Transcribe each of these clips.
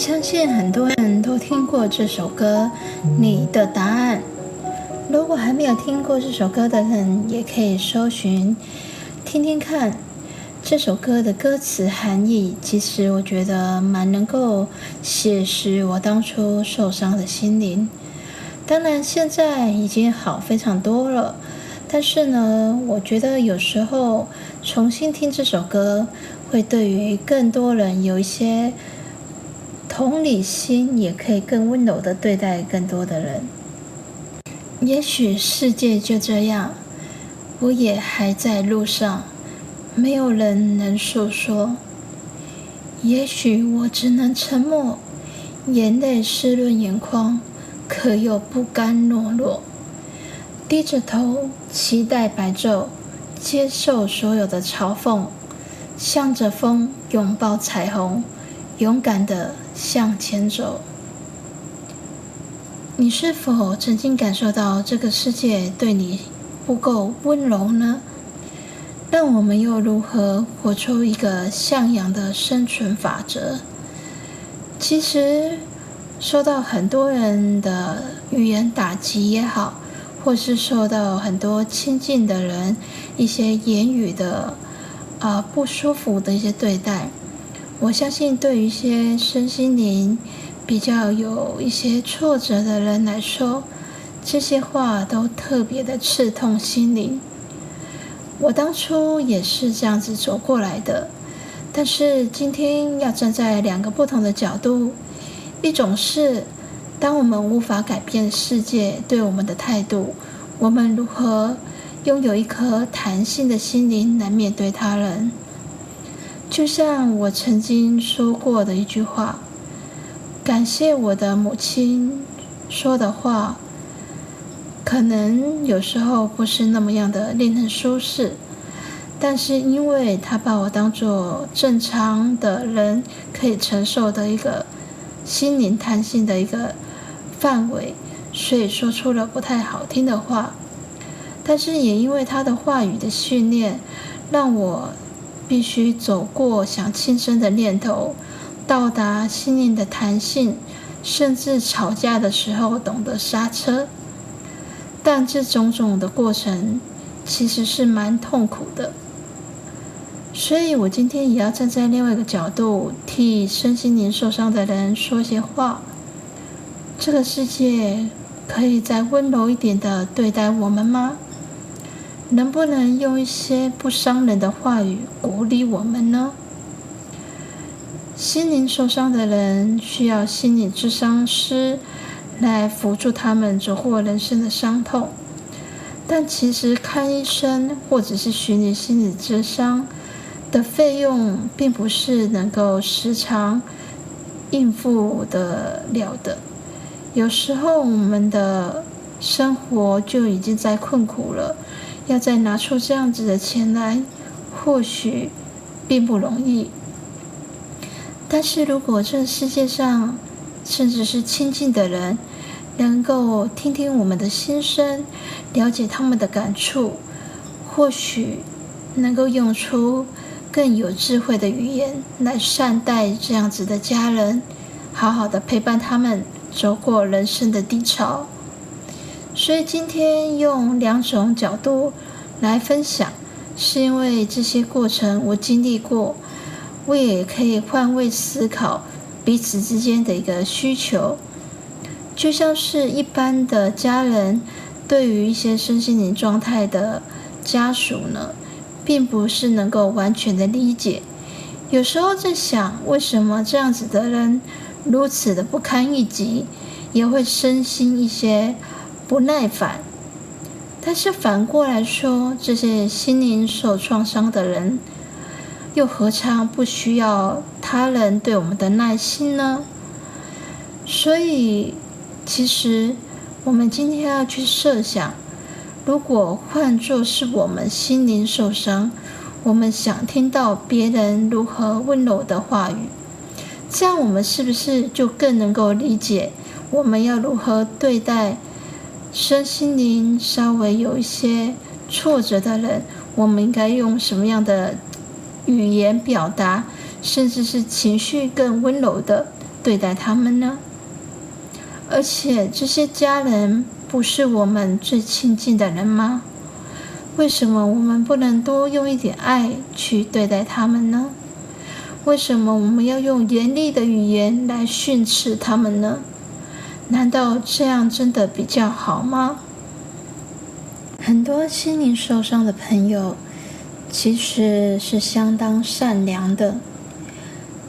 相信很多人都聽過這首歌《你的答案》。如果還沒有聽過這首歌的人，也可以搜尋聽聽看。這首歌的歌詞含義，其實我覺得蠻能夠寫實我當初受傷的心靈。當然現在已經好非常多了，但是呢，我覺得有時候重新聽這首歌，會對於更多人有一些。同理心也可以更溫柔地對待更多的人。也許世界就這樣，我也還在路上，沒有人能訴說。也許我只能沉默，眼淚濕潤眼眶，可又不甘懦弱，低着頭期待白晝，接受所有的嘲諷，向着風擁抱彩虹，勇敢地，向前走，你是否曾經感受到這個世界對你不夠溫柔呢？但我們又如何活出一個向陽的生存法則？其實，受到很多人的語言打擊也好，或是受到很多親近的人一些言語的啊、呃、不舒服的一些對待。我相信，對於一些身心靈比較有一些挫折的人來說，這些話都特別的刺痛心靈。我當初也是這樣子走過來的，但是今天要站在兩個不同的角度：一種是，當我們無法改變世界對我們的態度，我們如何擁有一顆彈性的心靈來面對他人？就像我曾經說過的一句話，感謝我的母親說的話，可能有時候不是那麼樣的令人舒適，但是因為她把我當做正常的人可以承受的一個心靈彈性的一個範圍，所以說出了不太好聽的話，但是也因為她的話語的訓練，讓我必須走過想輕生的念頭，到達心靈的彈性，甚至吵架的時候懂得剎車。但這種種的過程其實是蠻痛苦的，所以我今天也要站在另外一個角度，替身心靈受傷的人說一些話。這個世界可以再溫柔一點的對待我們嗎？能不能用一些不傷人的話語鼓勵我們呢？心靈受傷的人需要心理諮商師來輔助他們走過人生的傷痛，但其實看醫生或者是尋理心理諮商的費用，並不是能夠時常應付得了的。有時候我們的生活就已經在困苦了。要再拿出這樣子的錢來，或許並不容易。但是如果這世界上，甚至是親近的人，能夠聽聽我們的心聲，了解他們的感觸，或許能夠用出更有智慧的語言來善待這樣子的家人，好好的陪伴他們走過人生的低潮。所以今天用兩種角度來分享，是因為這些過程我經歷過，我也可以換位思考彼此之間的一個需求，就像是一般的家人對於一些身心靈狀態的家屬呢，並不是能夠完全的理解。有時候在想，為什麼這樣子的人如此的不堪一擊，也會身心一些。不耐煩，但是反過來說，這些心靈受創傷的人，又何嘗不需要他人對我們的耐心呢？所以，其實我們今天要去設想，如果換作是我們心靈受傷，我們想聽到別人如何溫柔的話語，這樣我們是不是就更能夠理解我們要如何對待？身心靈稍微有一些挫折的人，我們應該用什麼樣的語言表達，甚至是情緒更溫柔的對待他們呢？而且這些家人不是我們最親近的人嗎？為什麼我們不能多用一點愛去對待他們呢？為什麼我們要用嚴厲的語言來訓斥他們呢？難道這樣真的比較好嗎？很多心靈受傷的朋友，其實是相當善良的。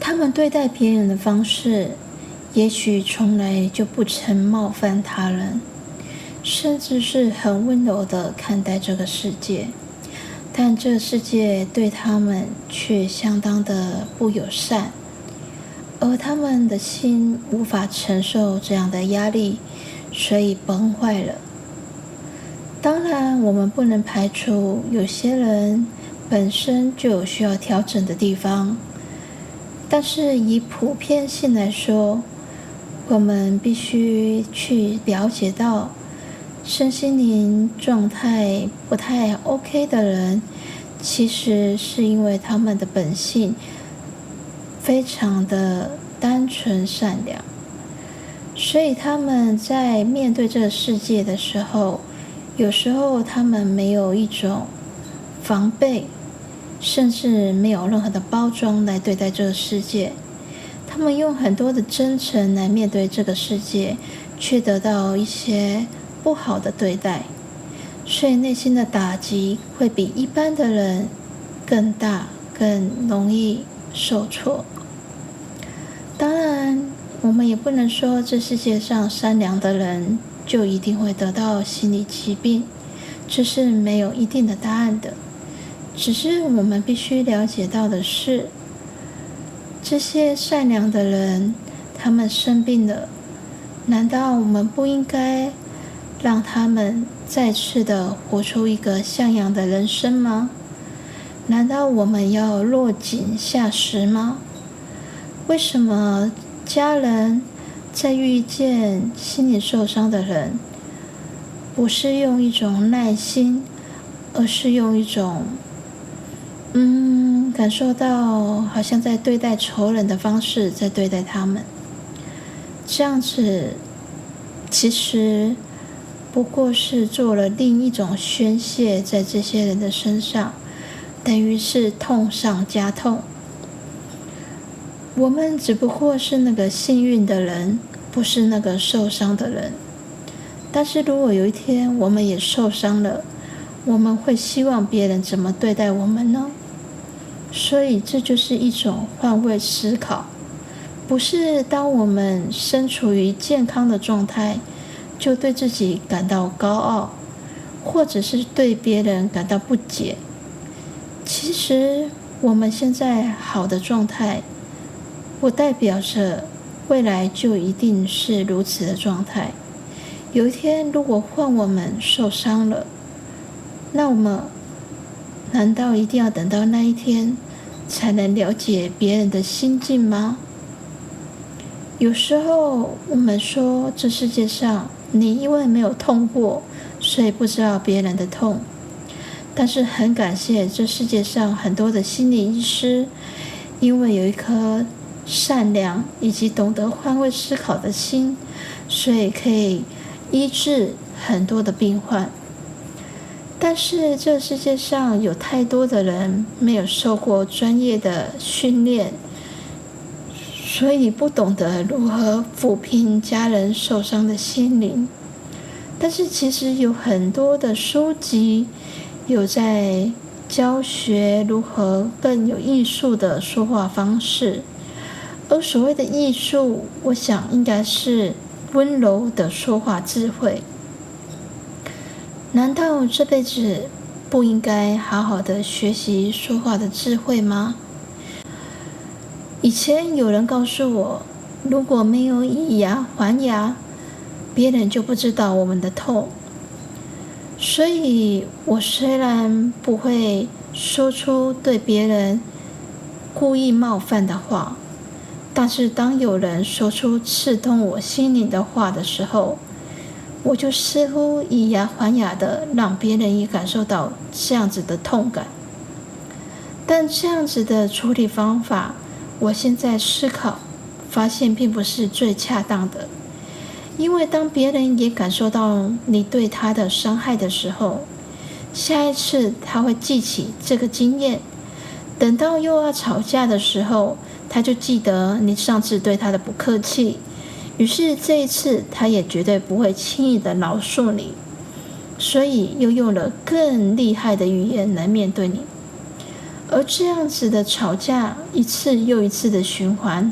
他們對待別人的方式，也許從來就不曾冒犯他人，甚至是很溫柔地看待這個世界。但這個世界對他們卻相當的不友善。而他們的心無法承受這樣的壓力，所以崩壞了。當然，我們不能排除有些人本身就有需要調整的地方，但是以普遍性來說，我們必須去了解到，身心靈狀態不太 OK 的人，其實是因為他們的本性。非常的單純善良，所以他們在面對這個世界的時候，有時候他們沒有一種防備，甚至沒有任何的包裝來對待這個世界。他們用很多的真誠來面對這個世界，卻得到一些不好的對待，所以內心的打擊會比一般的人更大，更容易受挫。當然，我們也不能說這世界上善良的人就一定會得到心理疾病，這是沒有一定的答案的。只是我們必須了解到的是，這些善良的人，他們生病了，難道我們不應該讓他們再次的活出一個向陽的人生嗎？難道我們要落井下石嗎？為什麼家人在遇見心理受傷的人，不是用一種耐心，而是用一種，嗯，感受到好像在對待仇人的方式在對待他們？這樣子，其實不過是做了另一種宣洩在這些人的身上，等於是痛上加痛。我們只不過是那個幸運的人，不是那個受傷的人。但是如果有一天我們也受傷了，我們會希望別人怎麼對待我們呢？所以這就是一種換位思考，不是當我們身處於健康的狀態，就對自己感到高傲，或者是對別人感到不解。其實我們現在好的狀態。不代表着未來就一定是如此的狀態。有一天，如果換我們受傷了，那我們難道一定要等到那一天才能了解別人的心境嗎？有時候我們說，這世界上你因為沒有痛過，所以不知道別人的痛。但是很感謝這世界上很多的心理醫師，因為有一顆。善良以及懂得換位思考的心，所以可以醫治很多的病患。但是這世界上有太多的人沒有受過專業的訓練，所以不懂得如何撫平家人受傷的心靈。但是其實有很多的書籍有在教學如何更有藝術的說話方式。而所謂的藝術，我想應該是溫柔的說話智慧。難道這輩子不應該好好的學習說話的智慧嗎？以前有人告訴我，如果沒有以牙還牙，別人就不知道我們的痛。所以，我雖然不會說出對別人故意冒犯的話。但是，當有人說出刺痛我心靈的話的時候，我就似乎以牙還牙的讓別人也感受到這樣子的痛感。但這樣子的處理方法，我現在思考，發現並不是最恰當的。因為當別人也感受到你對他的傷害的時候，下一次他會記起這個經驗，等到又要吵架的時候。他就記得你上次對他的不客氣，於是這一次他也絕對不會輕易的饒恕你，所以又用了更厲害的語言來面對你。而這樣子的吵架一次又一次的循環，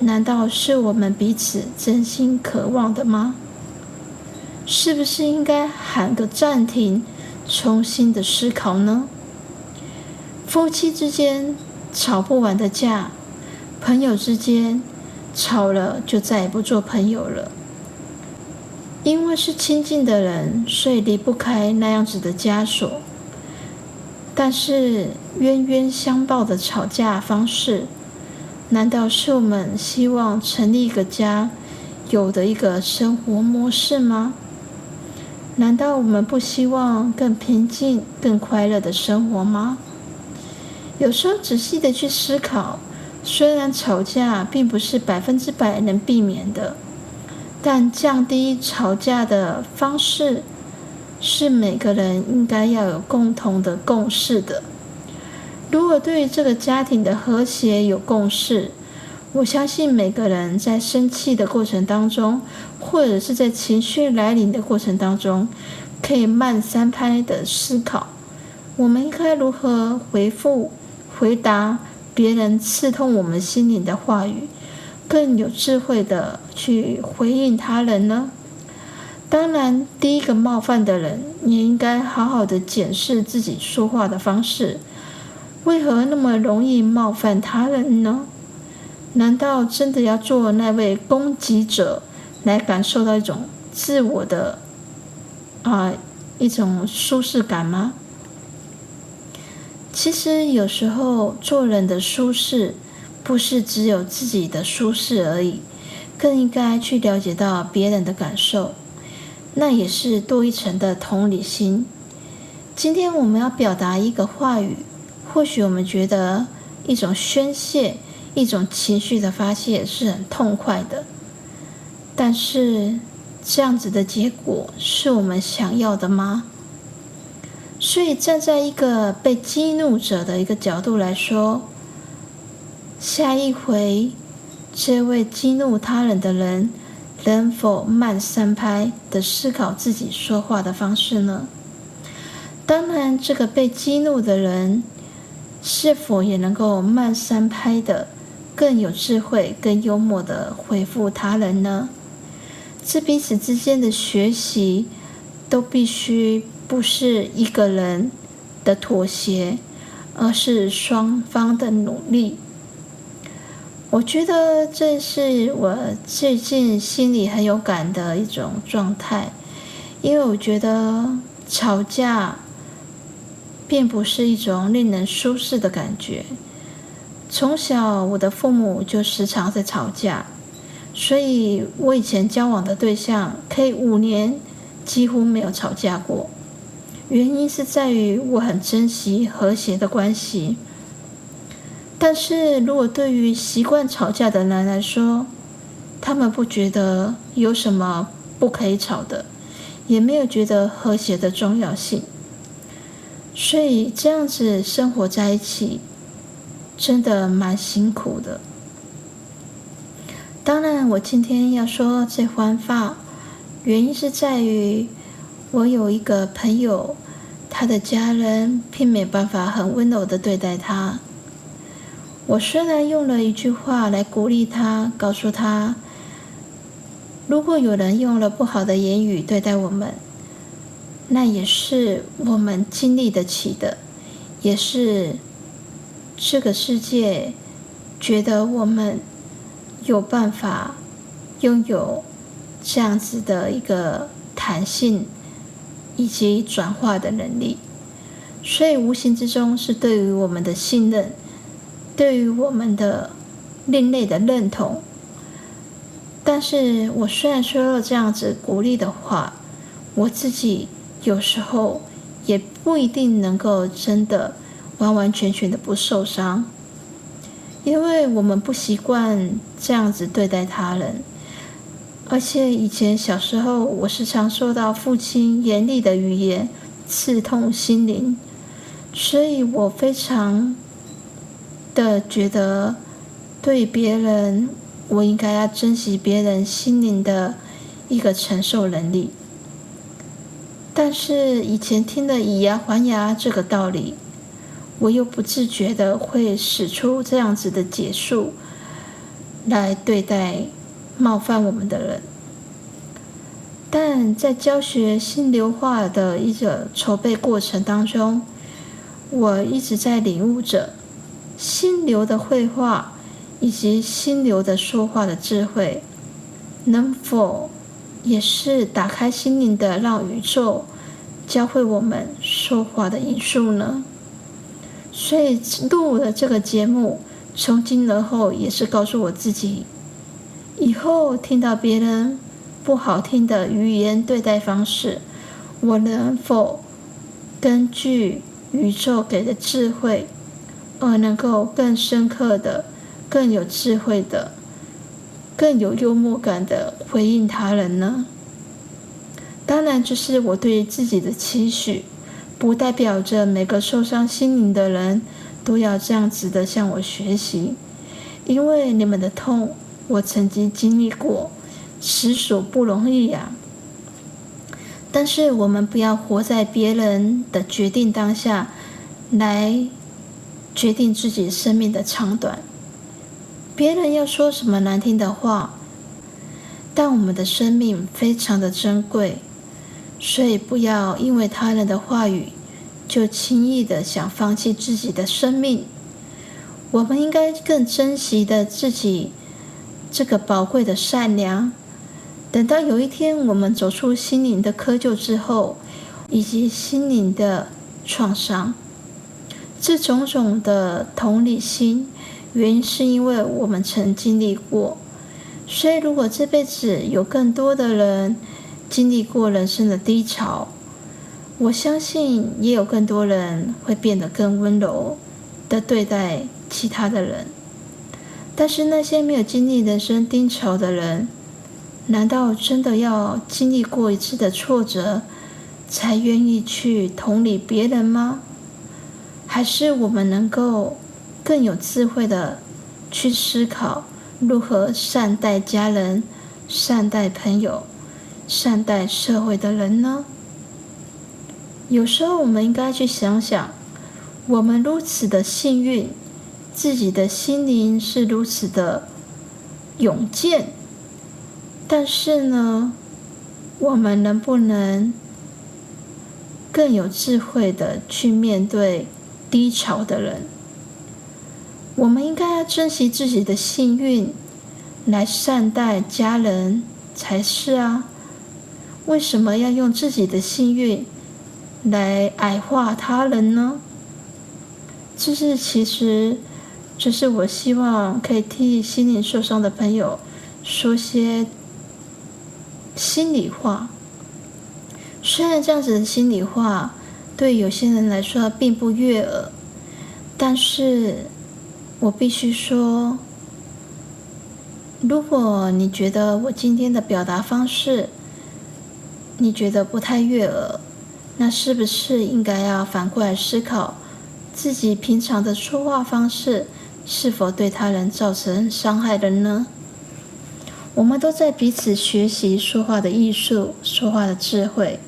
難道是我們彼此真心渴望的嗎？是不是應該喊個暫停，重新的思考呢？夫妻之間吵不完的架。朋友之間吵了就再也不做朋友了，因為是親近的人，所以離不開那樣子的枷鎖。但是冤冤相報的吵架方式，難道是我們希望成立一個家，有的一個生活模式嗎？難道我們不希望更平靜、更快樂的生活嗎？有時候仔細的去思考。雖然吵架並不是百分之百能避免的，但降低吵架的方式是每個人應該要有共同的共識的。如果對於這個家庭的和諧有共識，我相信每個人在生氣的過程當中，或者是在情緒來臨的過程當中，可以慢三拍的思考，我們應該如何回復、回答。別人刺痛我們心靈的話語，更有智慧的去回應他人呢？當然，第一個冒犯的人也應該好好的檢視自己說話的方式，為何那麼容易冒犯他人呢？難道真的要做那位攻擊者，來感受到一種自我的啊一種舒適感嗎？其實有時候做人的舒適，不是只有自己的舒適而已，更應該去了解到別人的感受，那也是多一層的同理心。今天我們要表達一個話語，或許我們覺得一種宣洩、一種情緒的發泄是很痛快的，但是這樣子的結果是我們想要的嗎？所以站在一個被激怒者的一個角度來說，下一回這位激怒他人的人能否慢三拍的思考自己說話的方式呢？當然，這個被激怒的人是否也能夠慢三拍的更有智慧、更幽默的回復他人呢？這彼此之間的學習都必須。不是一個人的妥協，而是雙方的努力。我覺得這是我最近心裡很有感的一種狀態，因為我覺得吵架，並不是一種令人舒適的感覺。從小，我的父母就時常在吵架，所以我以前交往的對象，可以五年幾乎沒有吵架過。原因是在於我很珍惜和諧的關係，但是如果對於習慣吵架的人來說，他們不覺得有什麼不可以吵的，也沒有覺得和諧的重要性，所以這樣子生活在一起，真的蠻辛苦的。當然，我今天要說這番話，原因是在於。我有一個朋友，他的家人並沒辦法很溫柔的對待他。我雖然用了一句話來鼓勵他，告訴他，如果有人用了不好的言語對待我們，那也是我們經歷得起的，也是這個世界覺得我們有辦法擁有這樣子的一個彈性。以及轉化的能力，所以無形之中是對於我們的信任，對於我們的另類的認同。但是我雖然說了這樣子鼓勵的話，我自己有時候也不一定能夠真的完完全全的不受傷，因為我們不習慣這樣子對待他人。而且以前小時候，我時常受到父親嚴厲的語言刺痛心靈，所以我非常的覺得對別人，我應該要珍惜別人心靈的一個承受能力。但是以前聽的“以牙還牙”這個道理，我又不自覺的會使出這樣子的解數來對待。冒犯我們的人，但在教學心流畫的一個籌備過程當中，我一直在領悟着心流的繪畫以及心流的說話的智慧，能否也是打開心靈的讓宇宙教會我們說話的藝術呢？所以錄了這個節目，從今而後也是告訴我自己。以後聽到別人不好聽的語言對待方式，我能否根據宇宙給的智慧，而能夠更深刻的、更有智慧的、更有幽默感的回應他人呢？當然，這是我對自己的期許，不代表着每個受傷心靈的人都要這樣子的向我學習，因為你們的痛。我曾經經歷過，實屬不容易呀。但是我們不要活在別人的決定當下，來決定自己生命的長短。別人要說什麼難聽的話，但我們的生命非常的珍貴，所以不要因為他人的話語，就輕易的想放棄自己的生命。我們應該更珍惜的自己。這個寶貴的善良，等到有一天我們走出心靈的窠臼之後，以及心靈的創傷，這種種的同理心，原因是因為我們曾經歷過。所以，如果這輩子有更多的人經歷過人生的低潮，我相信也有更多人會變得更溫柔的對待其他的人。但是那些沒有經歷人生低潮的人，難道真的要經歷過一次的挫折，才願意去同理別人嗎？還是我們能夠更有智慧的去思考如何善待家人、善待朋友、善待社會的人呢？有時候我們應該去想想，我們如此的幸運。自己的心靈是如此的勇健，但是呢，我們能不能更有智慧的去面對低潮的人？我們應該要珍惜自己的幸運，來善待家人才是啊！為什麼要用自己的幸運來矮化他人呢？就是其實。只是我希望可以替心靈受傷的朋友說些心裡話。雖然這樣子的心裡話對有些人來說並不悅耳，但是我必須說，如果你覺得我今天的表達方式你覺得不太悅耳，那是不是應該要反過來思考自己平常的說話方式？是否對他人造成傷害的呢？我們都在彼此學習說話的藝術、說話的智慧。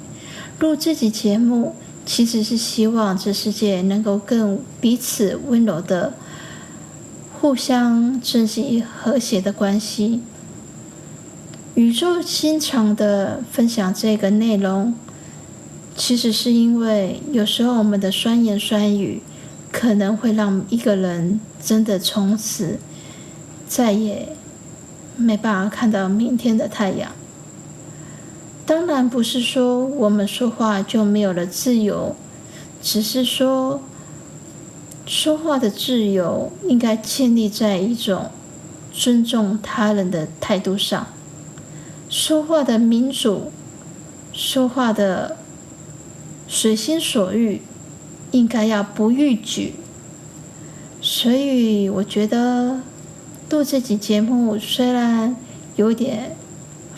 錄這集節目，其實是希望這世界能夠更彼此溫柔的，互相珍惜和諧的關係。語重心長的分享這個內容，其實是因為有時候我們的酸言酸語。可能會讓一個人真的從此再也沒辦法看到明天的太陽。當然不是說我們說話就沒有了自由，只是說說話的自由應該建立在一種尊重他人的態度上，說話的民主，說話的隨心所欲，應該要不逾矩。所以我覺得錄這集節目雖然有點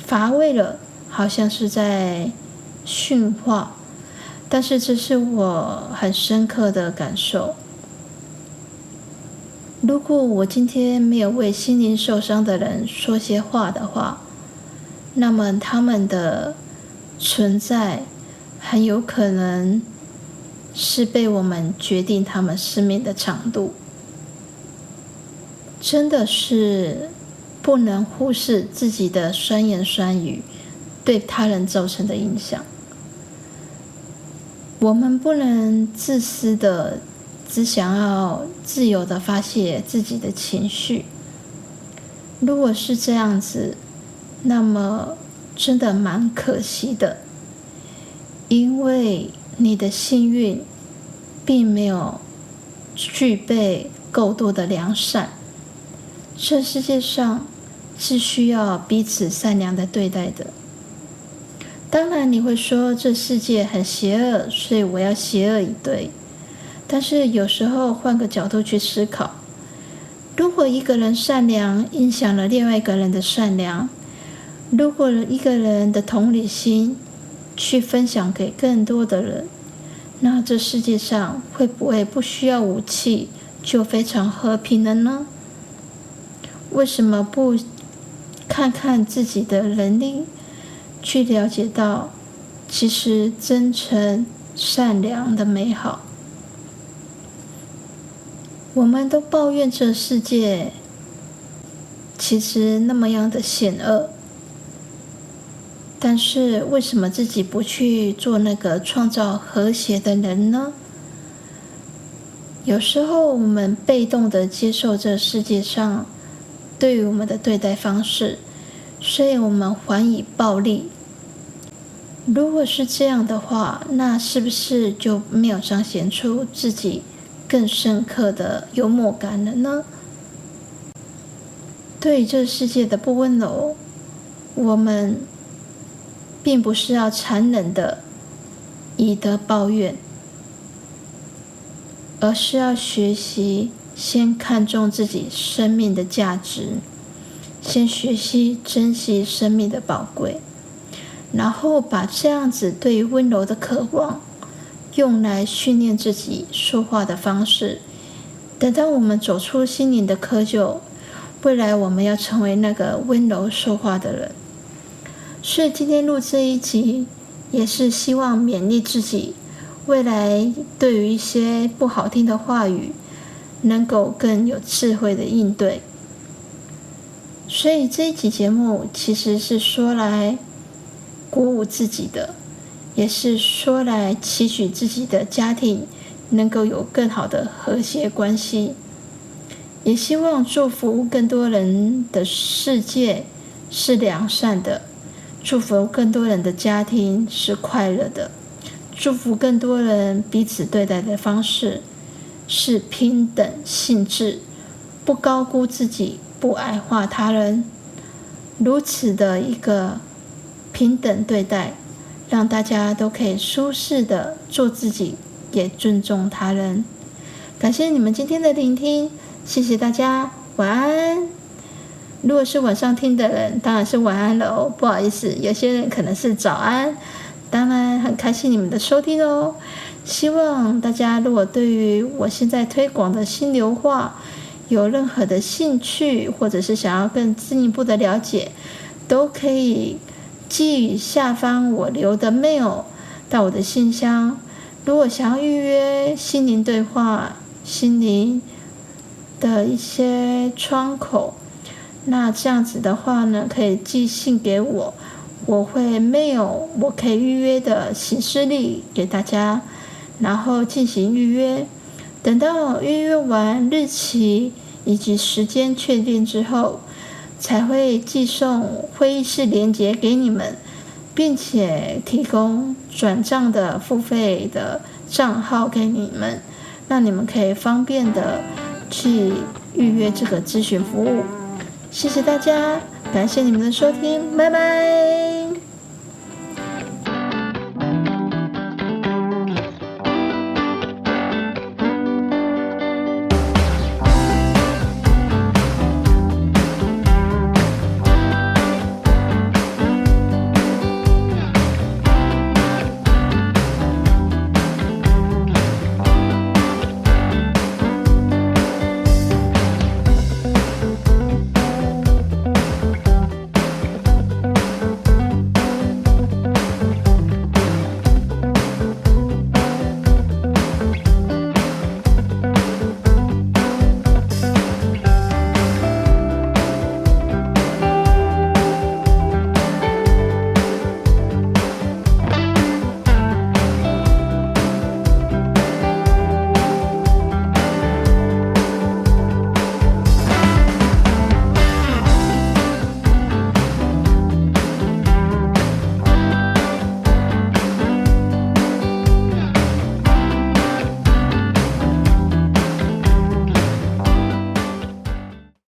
乏味了，好像是在訓話，但是這是我很深刻的感受。如果我今天沒有為心靈受傷的人說些話的話，那麼他們的存在很有可能，是被我們決定他們生命的長度，真的是不能忽視自己的酸言酸語對他人造成的影響。我們不能自私的只想要自由的發洩自己的情緒。如果是這樣子，那麼真的蠻可惜的，因為。你的幸運，並沒有具備夠多的良善。這世界上是需要彼此善良的對待的。當然，你會說這世界很邪惡，所以我要邪惡以對。但是有時候換個角度去思考，如果一個人善良，影響了另外一個人的善良；如果一個人的同理心，去分享給更多的人，那這世界上會不會不需要武器就非常和平了呢？為什麼不看看自己的能力，去了解到，其實真誠、善良的美好。我們都抱怨這世界，其實那麼樣的險惡。但是為什麼自己不去做那個創造和諧的人呢？有時候我們被動地接受這世界上對於我們的對待方式，所以我們還以暴力。如果是這樣的話，那是不是就沒有彰顯出自己更深刻的幽默感了呢？對這世界的不溫柔，我們。並不是要殘忍的以德報怨，而是要學習先看重自己生命的價值，先學習珍惜生命的寶貴，然後把這樣子對於溫柔的渴望，用來訓練自己說話的方式。等到我們走出心靈的窠臼，未來我們要成為那個溫柔說話的人。所以今天錄這一集，也是希望勉勵自己，未來對於一些不好聽的話語，能夠更有智慧的應對。所以這一集節目其實是說來鼓舞自己的，也是說來期許自己的家庭能夠有更好的和諧關係，也希望祝福更多人的世界是良善的。祝福更多人的家庭是快樂的，祝福更多人彼此對待的方式是平等性質，不高估自己，不矮化他人，如此的一個平等對待，讓大家都可以舒適的做自己，也尊重他人。感謝你們今天的聆聽，謝謝大家，晚安。如果是晚上聽的人，當然是晚安嘍，哦，不好意思，有些人可能是早安，當然很開心你們的收聽哦。希望大家如果對於我現在推廣的心流畫有任何的興趣，或者是想要更進一步的了解，都可以寄予下方我留的 mail 到我的信箱。如果想要預約心靈對話，心靈的一些窗口。那這樣子的話呢，可以寄信給我，我會 mail 我可以預約的行事曆給大家，然後進行預約。等到預約完日期以及時間確定之後，才會寄送會議室連結給你們，並且提供轉賬的付費的賬號給你們，讓你們可以方便的去預約這個諮詢服務。謝謝大家，感謝你們的收聽，拜拜。